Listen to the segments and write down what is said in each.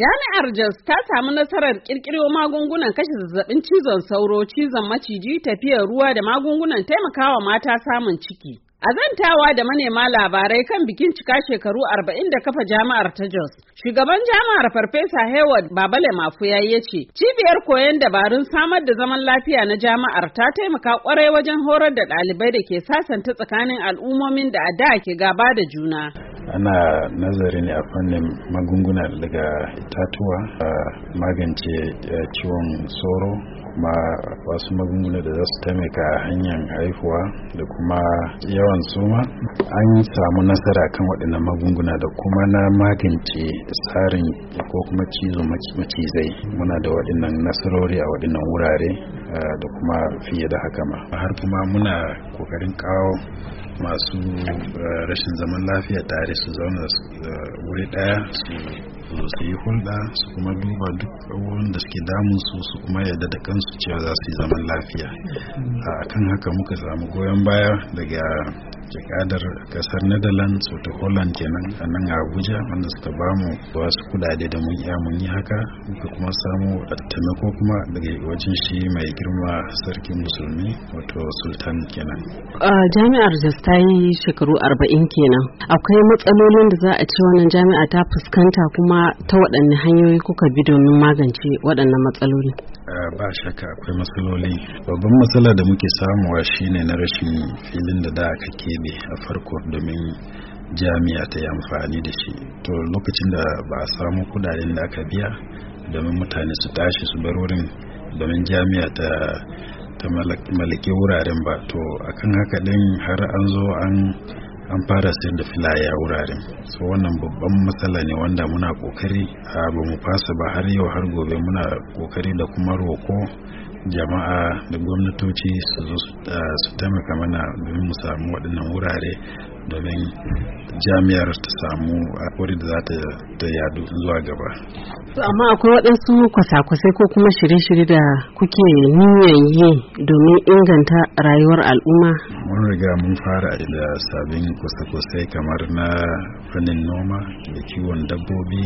Jami'ar Jos ta samu nasarar kirkiro magungunan kashe zazzabin cizon sauro, cizon maciji, tafiyar ruwa da magungunan taimakawa mata samun ciki. A zantawa da manema labarai kan bikin cika shekaru arba'in da kafa jami'ar ta Jos. Shugaban jami'ar Farfesa Hayward Babale Mafuya ya ce, cibiyar koyon dabarun samar da zaman lafiya na jami'ar ta taimaka kwarai wajen horar da ɗalibai da ke sasanta tsakanin al'ummomin da a da ke gaba da juna. ana nazari ne a fannin magunguna daga itatuwa a magance eh, ciwon tsoro kuma wasu magunguna da za su taimaka hanyar haihuwa da kuma yawan suma an samu nasara kan waɗannan magunguna da kuma na magance tsarin ko kuma cizo macizai muna da waɗannan nasarori a waɗannan wurare Eh, da kuma fiye da haka ma har kuma muna kokarin kawo masu eh, rashin zaman lafiya tare su zauna eh, wuri daya su zo yi hulɗa su kuma duba duk abubuwan da suke damun su su kuma yadda da kansu cewa za su yi zaman lafiya a kan haka muka samu goyon baya daga jakadar kasar netherlands wato holland kenan a nan a abuja wanda suka ba mu wasu kudade da mun iya mun yi haka muka kuma samu taimako kuma daga wajen shi mai girma sarkin musulmi wato sultan kenan jami'ar jas ta yi shekaru arba'in kenan akwai matsalolin da za a ce wannan jami'a ta fuskanta kuma ta waɗanne hanyoyi kuka bi domin magance waɗannan matsaloli ba shakka akwai matsaloli babban matsala da muke samuwa shine na rashin filin da da aka ke ne a farko domin jami'a ta yi amfani da shi to lokacin da ba a samu kudaden da aka biya domin mutane su tashi su bar wurin domin jami'a ta ta malaki wuraren ba to akan haka din har an zo an an fara sayar da filaya a wuraren so wannan babban matsala ne wanda muna kokari a ba mu fasa ba har yau har gobe muna kokari da kuma roko jama'a da gwamnatoci su zo su taimaka mana domin mu samu waɗannan wurare domin jami'ar ta samu wuri da za ta yadu zuwa gaba amma akwai waɗansu kwasa-kwasai ko kuma shirye-shirye da kuke niyyar yi domin inganta rayuwar al'umma mun riga mun fara da sabbin kusa kwasai kamar na fannin noma da kiwon dabbobi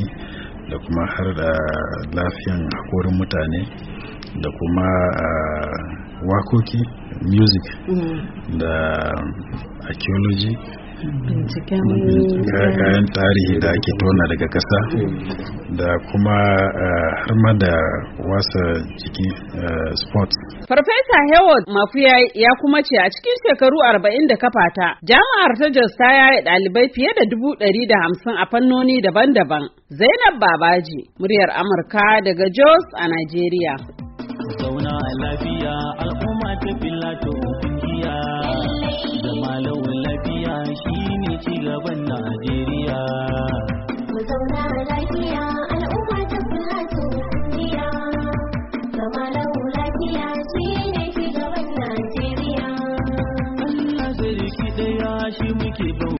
da kuma har da lafiyan hakorin mutane da kuma ah, wakoki music mm-hmm. da archaeology kayan tarihi da ake tona daga kasa mm-hmm. da kuma eh, har ma da wasa jiki eh, sports. Farfesa Howard Mafuya ya kuma ce a cikin shekaru arba'in da kafata jami'ar ta Jos ta yaye ɗalibai fiye da dubu ɗari da hamsin a fannoni daban-daban. Zainab Babaji, muryar Amurka daga Jos a Najeriya. zauna a lafiya al'umma ta ta kungiya zama lawan lafiya shine gaban Najeriya